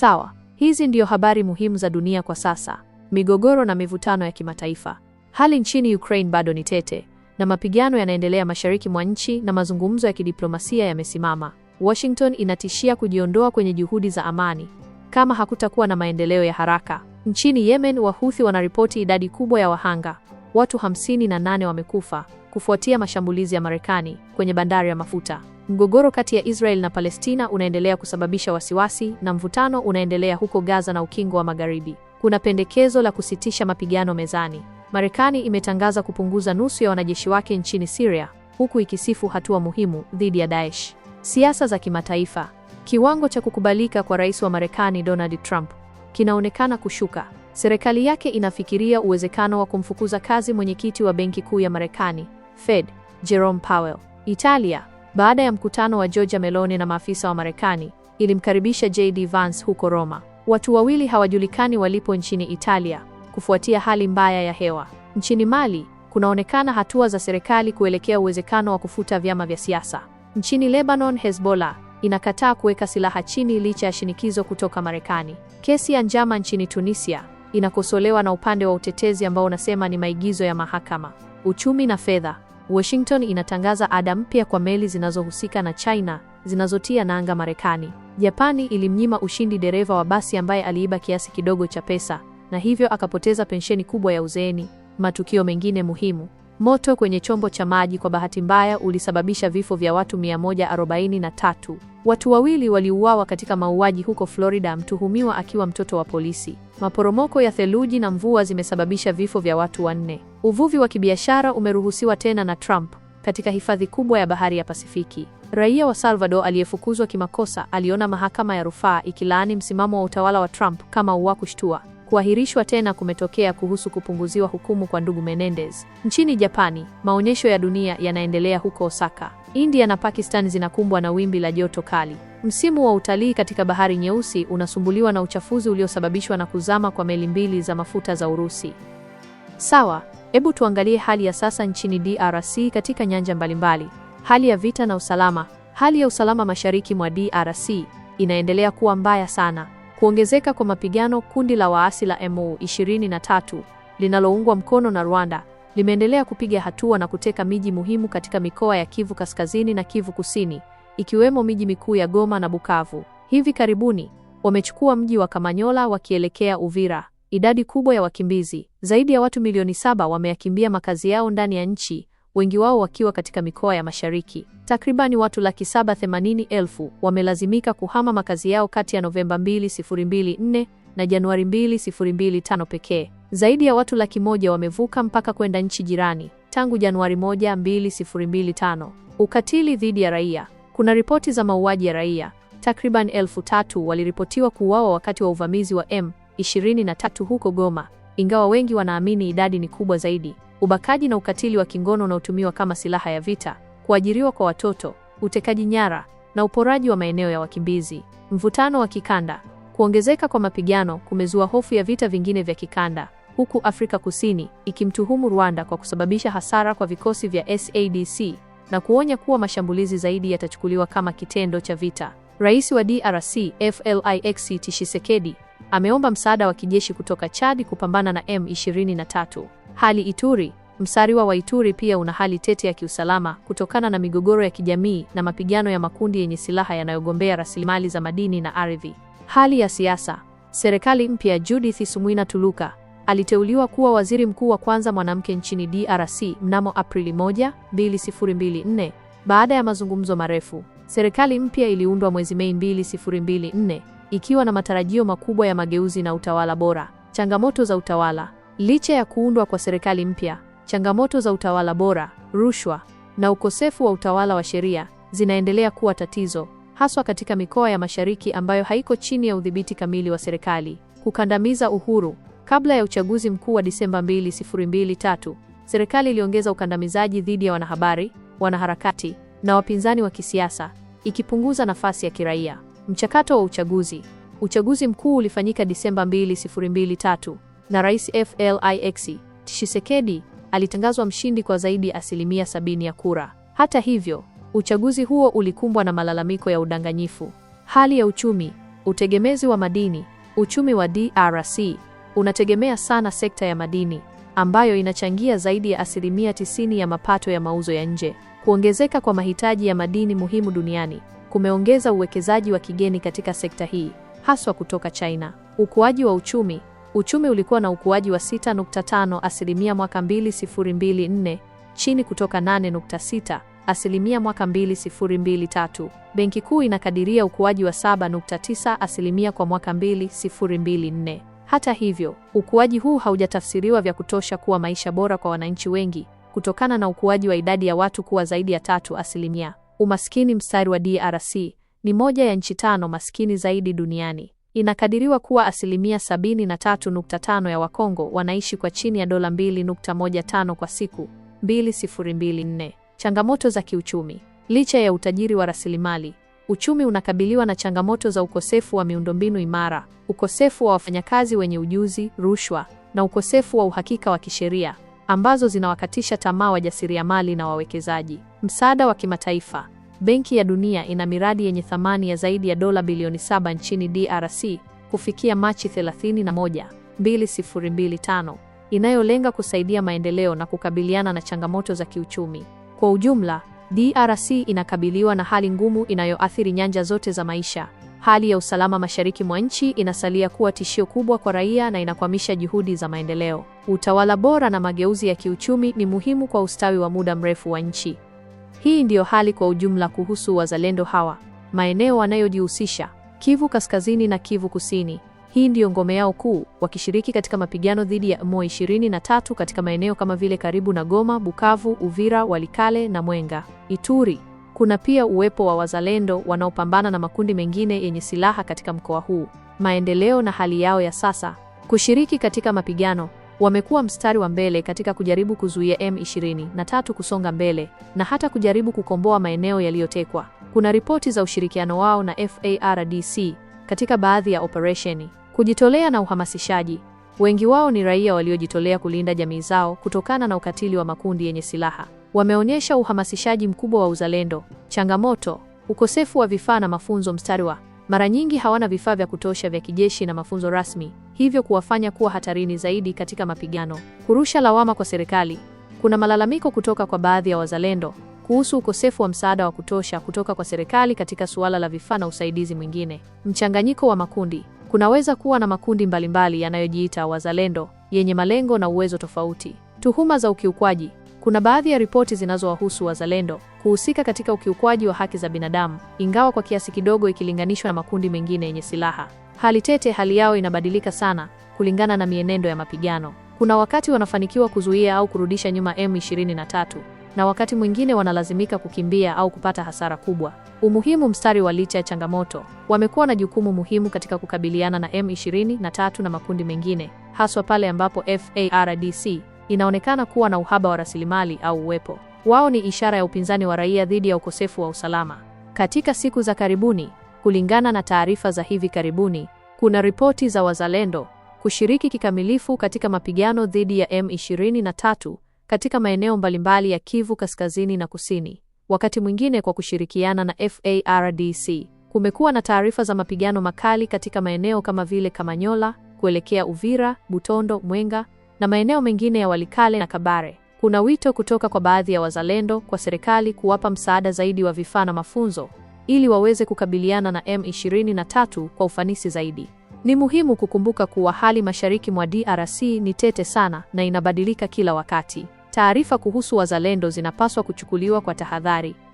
Sawa, hizi ndio habari muhimu za dunia kwa sasa: migogoro na mivutano ya kimataifa. Hali nchini Ukraine bado ni tete na mapigano yanaendelea mashariki mwa nchi na mazungumzo ya kidiplomasia yamesimama. Washington inatishia kujiondoa kwenye juhudi za amani kama hakutakuwa na maendeleo ya haraka. Nchini Yemen, Wahuthi wanaripoti idadi kubwa ya wahanga, watu hamsini na nane wamekufa kufuatia mashambulizi ya Marekani kwenye bandari ya mafuta. Mgogoro kati ya Israel na Palestina unaendelea kusababisha wasiwasi na mvutano unaendelea huko Gaza na Ukingo wa Magharibi. Kuna pendekezo la kusitisha mapigano mezani. Marekani imetangaza kupunguza nusu ya wanajeshi wake nchini Syria, huku ikisifu hatua muhimu dhidi ya Daesh. Siasa za kimataifa. Kiwango cha kukubalika kwa rais wa Marekani Donald Trump kinaonekana kushuka. Serikali yake inafikiria uwezekano wa kumfukuza kazi mwenyekiti wa Benki Kuu ya Marekani, Fed, Jerome Powell. Italia baada ya mkutano wa Giorgia Meloni na maafisa wa Marekani, ilimkaribisha JD Vance huko Roma. Watu wawili hawajulikani walipo nchini Italia kufuatia hali mbaya ya hewa. Nchini Mali kunaonekana hatua za serikali kuelekea uwezekano wa kufuta vyama vya siasa. Nchini Lebanon, Hezbollah inakataa kuweka silaha chini licha ya shinikizo kutoka Marekani. Kesi ya njama nchini Tunisia inakosolewa na upande wa utetezi ambao unasema ni maigizo ya mahakama. Uchumi na fedha. Washington inatangaza ada mpya kwa meli zinazohusika na China zinazotia nanga Marekani. Japani ilimnyima ushindi dereva wa basi ambaye aliiba kiasi kidogo cha pesa na hivyo akapoteza pensheni kubwa ya uzeeni. Matukio mengine muhimu. Moto kwenye chombo cha maji kwa bahati mbaya ulisababisha vifo vya watu 143. Watu wawili waliuawa katika mauaji huko Florida, mtuhumiwa akiwa mtoto wa polisi. Maporomoko ya theluji na mvua zimesababisha vifo vya watu wanne. Uvuvi wa kibiashara umeruhusiwa tena na Trump katika hifadhi kubwa ya bahari ya Pasifiki. Raia wa Salvador aliyefukuzwa kimakosa aliona mahakama ya rufaa ikilaani msimamo wa utawala wa Trump kama wa kushtua. Kuahirishwa tena kumetokea kuhusu kupunguziwa hukumu kwa ndugu Menendez. Nchini Japani, maonyesho ya dunia yanaendelea huko Osaka. India na Pakistan zinakumbwa na wimbi la joto kali. Msimu wa utalii katika Bahari Nyeusi unasumbuliwa na uchafuzi uliosababishwa na kuzama kwa meli mbili za mafuta za Urusi. Sawa, hebu tuangalie hali ya sasa nchini DRC katika nyanja mbalimbali. Hali ya vita na usalama. Hali ya usalama mashariki mwa DRC inaendelea kuwa mbaya sana. Kuongezeka kwa mapigano, kundi la waasi la M23 linaloungwa mkono na Rwanda limeendelea kupiga hatua na kuteka miji muhimu katika mikoa ya Kivu Kaskazini na Kivu Kusini, ikiwemo miji mikuu ya Goma na Bukavu. Hivi karibuni wamechukua mji wa Kamanyola wakielekea Uvira. Idadi kubwa ya wakimbizi, zaidi ya watu milioni saba wameyakimbia makazi yao ndani ya nchi wengi wao wakiwa katika mikoa ya mashariki. Takribani watu laki saba themanini elfu wamelazimika kuhama makazi yao kati ya Novemba 2024 na Januari 2025 pekee. Zaidi ya watu laki moja wamevuka mpaka kwenda nchi jirani tangu Januari 1, 2025. Ukatili dhidi ya raia. Kuna ripoti za mauaji ya raia. Takriban elfu tatu waliripotiwa kuuawa wakati wa uvamizi wa M23 huko Goma, ingawa wengi wanaamini idadi ni kubwa zaidi ubakaji na ukatili wa kingono unaotumiwa kama silaha ya vita, kuajiriwa kwa watoto, utekaji nyara na uporaji wa maeneo ya wakimbizi. Mvutano wa kikanda. Kuongezeka kwa mapigano kumezua hofu ya vita vingine vya kikanda, huku Afrika Kusini ikimtuhumu Rwanda kwa kusababisha hasara kwa vikosi vya SADC na kuonya kuwa mashambulizi zaidi yatachukuliwa kama kitendo cha vita. Rais wa DRC Felix Tshisekedi ameomba msaada wa kijeshi kutoka Chad kupambana na M23. Hali Ituri. Msariwa wa Ituri pia una hali tete ya kiusalama kutokana na migogoro ya kijamii na mapigano ya makundi yenye silaha yanayogombea rasilimali za madini na ardhi. Hali ya siasa. Serikali mpya Judith sumwina Tuluka aliteuliwa kuwa waziri mkuu wa kwanza mwanamke nchini DRC mnamo Aprili 1, 2024 baada ya mazungumzo marefu. Serikali mpya iliundwa mwezi Mei 2024 ikiwa na matarajio makubwa ya mageuzi na utawala bora. Changamoto za utawala. Licha ya kuundwa kwa serikali mpya, changamoto za utawala bora, rushwa na ukosefu wa utawala wa sheria zinaendelea kuwa tatizo, haswa katika mikoa ya mashariki ambayo haiko chini ya udhibiti kamili wa serikali. Kukandamiza uhuru. Kabla ya uchaguzi mkuu wa Disemba 2023, serikali iliongeza ukandamizaji dhidi ya wanahabari, wanaharakati na wapinzani wa kisiasa, ikipunguza nafasi ya kiraia. Mchakato wa uchaguzi. Uchaguzi mkuu ulifanyika Disemba 2023 na Rais Felix Tshisekedi alitangazwa mshindi kwa zaidi ya asilimia sabini ya kura. Hata hivyo, uchaguzi huo ulikumbwa na malalamiko ya udanganyifu. Hali ya uchumi, utegemezi wa madini. Uchumi wa DRC unategemea sana sekta ya madini ambayo inachangia zaidi ya asilimia tisini ya mapato ya mauzo ya nje. Kuongezeka kwa mahitaji ya madini muhimu duniani kumeongeza uwekezaji wa kigeni katika sekta hii, haswa kutoka China. Ukuaji wa uchumi Uchumi ulikuwa na ukuaji wa 6.5 asilimia mwaka 2024, chini kutoka 8.6 asilimia mwaka 2023. Benki Kuu inakadiria ukuaji wa 7.9 asilimia kwa mwaka 2024. Hata hivyo, ukuaji huu haujatafsiriwa vya kutosha kuwa maisha bora kwa wananchi wengi kutokana na ukuaji wa idadi ya watu kuwa zaidi ya tatu asilimia. Umaskini mstari wa DRC ni moja ya nchi tano maskini zaidi duniani. Inakadiriwa kuwa asilimia 73.5 ya Wakongo wanaishi kwa chini ya dola 2.15 kwa siku, 2024. Changamoto za kiuchumi. Licha ya utajiri wa rasilimali, uchumi unakabiliwa na changamoto za ukosefu wa miundombinu imara, ukosefu wa wafanyakazi wenye ujuzi, rushwa na ukosefu wa uhakika wa kisheria ambazo zinawakatisha tamaa wajasiriamali na wawekezaji. Msaada wa kimataifa. Benki ya Dunia ina miradi yenye thamani ya zaidi ya dola bilioni saba nchini DRC kufikia Machi 31, 2025, inayolenga kusaidia maendeleo na kukabiliana na changamoto za kiuchumi. Kwa ujumla, DRC inakabiliwa na hali ngumu inayoathiri nyanja zote za maisha. Hali ya usalama mashariki mwa nchi inasalia kuwa tishio kubwa kwa raia na inakwamisha juhudi za maendeleo. Utawala bora na mageuzi ya kiuchumi ni muhimu kwa ustawi wa muda mrefu wa nchi. Hii ndiyo hali kwa ujumla kuhusu wazalendo hawa, maeneo wanayojihusisha Kivu Kaskazini na Kivu Kusini. Hii ndiyo ngome yao kuu, wakishiriki katika mapigano dhidi ya M23 katika maeneo kama vile karibu na Goma, Bukavu, Uvira, Walikale na Mwenga. Ituri, kuna pia uwepo wa wazalendo wanaopambana na makundi mengine yenye silaha katika mkoa huu. Maendeleo na hali yao ya sasa: kushiriki katika mapigano wamekuwa mstari wa mbele katika kujaribu kuzuia M23 kusonga mbele na hata kujaribu kukomboa maeneo yaliyotekwa. Kuna ripoti za ushirikiano wao na FARDC katika baadhi ya operesheni. Kujitolea na uhamasishaji. Wengi wao ni raia waliojitolea kulinda jamii zao kutokana na ukatili wa makundi yenye silaha. Wameonyesha uhamasishaji mkubwa wa uzalendo. Changamoto: ukosefu wa vifaa na mafunzo. Mstari wa mara nyingi hawana vifaa vya kutosha vya kijeshi na mafunzo rasmi, hivyo kuwafanya kuwa hatarini zaidi katika mapigano. Kurusha lawama kwa serikali. Kuna malalamiko kutoka kwa baadhi ya wazalendo kuhusu ukosefu wa msaada wa kutosha kutoka kwa serikali katika suala la vifaa na usaidizi mwingine. Mchanganyiko wa makundi. Kunaweza kuwa na makundi mbalimbali yanayojiita wazalendo yenye malengo na uwezo tofauti. Tuhuma za ukiukwaji. Kuna baadhi ya ripoti zinazowahusu wazalendo kuhusika katika ukiukwaji wa haki za binadamu, ingawa kwa kiasi kidogo ikilinganishwa na makundi mengine yenye silaha. Hali tete, hali yao inabadilika sana kulingana na mienendo ya mapigano. Kuna wakati wanafanikiwa kuzuia au kurudisha nyuma M23 na wakati mwingine wanalazimika kukimbia au kupata hasara kubwa. Umuhimu mstari wa licha ya changamoto, wamekuwa na jukumu muhimu katika kukabiliana na M23 na makundi mengine, haswa pale ambapo FARDC inaonekana kuwa na uhaba wa rasilimali au uwepo wao ni ishara ya upinzani wa raia dhidi ya ukosefu wa usalama. Katika siku za karibuni, kulingana na taarifa za hivi karibuni, kuna ripoti za wazalendo kushiriki kikamilifu katika mapigano dhidi ya M23 katika maeneo mbalimbali ya Kivu Kaskazini na Kusini, wakati mwingine kwa kushirikiana na FARDC. Kumekuwa na taarifa za mapigano makali katika maeneo kama vile Kamanyola kuelekea Uvira, Butondo, Mwenga na maeneo mengine ya Walikale na Kabare. Kuna wito kutoka kwa baadhi ya wazalendo kwa serikali kuwapa msaada zaidi wa vifaa na mafunzo ili waweze kukabiliana na M23 kwa ufanisi zaidi. Ni muhimu kukumbuka kuwa hali mashariki mwa DRC ni tete sana na inabadilika kila wakati. Taarifa kuhusu wazalendo zinapaswa kuchukuliwa kwa tahadhari.